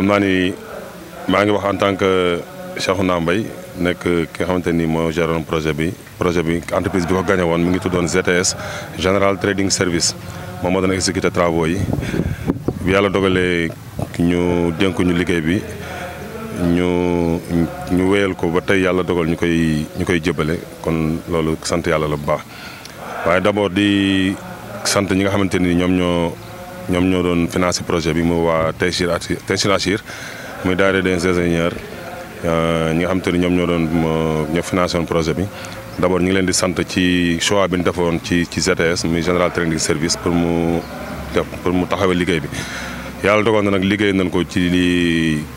xam naa ni maa ngi wax en tant que Cheikhouna Mbaye nekk ki nga xamante ni moo géroon projet bi projet bi entreprise bi ko gagné woon mu ngi doon GTS General Trading Service moom moo doon exécuté travaux yi bi yàlla dogalee ñu dénku liggéey bi ñu ñu wéyal ko ba tey yàlla dogal ñu koy ñu koy jëbale kon loolu sant yàlla la bu baax waaye d'abord di sant ñi nga xamante ni ñoom ñoo ñoom ñoo doon financé projet bi mu waa Tayssir ak Tayssir Achir muy daara des ingénieurs euh, ñi nga xam te ni ñoom ñoo doon euh, ñoo financé projet bi d' abord ñu ngi leen di sant ci choix bi ñu defoon ci ci GTS muy General Technical Service pour mu pour mu taxawee liggéey bi. yàlla dogal na nag liggéey nañ ko ci li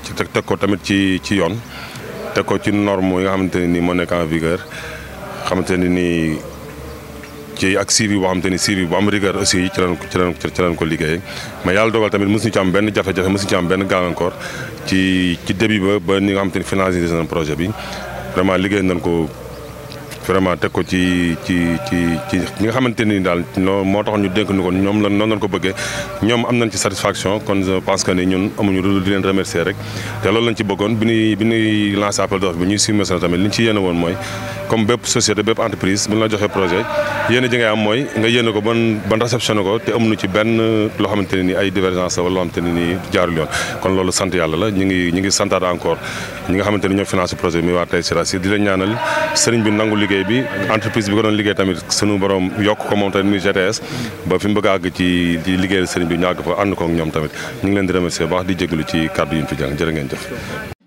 ci teg teg ko tamit ci ci yoon teg ko ci norme yi nga xamante ne nii moo nekk en vigueur xamante ne nii. ci ak suivi boo xam te ni suivi bu aussi ci lañ ci lañ ci lañ ko liggéeyee mais yàlla dogal tamit mësuñu ci am benn jafe-jafe mësuñu ci am benn gàllankoor ci ci ba ba ni nga xam te ni finalisé nañ projet bi vraiment liggéey nañ ko vraiment teg ko ci ci ci ci ñi nga xamante ni daal noo moo tax ñu dénk ni ko ñoom la noonu lañ ko bëggee ñoom am nañ ci satisfaction kon je pense que ni ñun amuñu lu di leen remercier rek te la lañ ci bëggoon bu ñuy bi ñuy lancé appel d'offre bu ñuy suivre na tamit li ci yéene woon mooy comme bépp société bépp entreprise bu ñu la joxee projet yéen a ji ngay am mooy nga yéene ko ban ban réceptionné ko te amuñu ci benn loo xamante ne nii ay divergence la wala loo xamante ne nii jaarul yoon kon loolu sant yàlla la ñu ngi ñu ngi santaat encore ñi nga xamante ni ñoom financé projet bi waa Taysir Assis di leen ñaanal sëriñ bi nangu liggéey bi entreprise bi ko doon liggéey tamit sunu borom yokk ko moom tamit muy GTS ba fi mu bëgg a àgg ci ci liggéeyal sëriñ bi ñu àgg fa ànd ko ñoom tamit ñu ngi leen di remercier baax di ci kàddu yi ñu fi jàng jërë ngeen jëf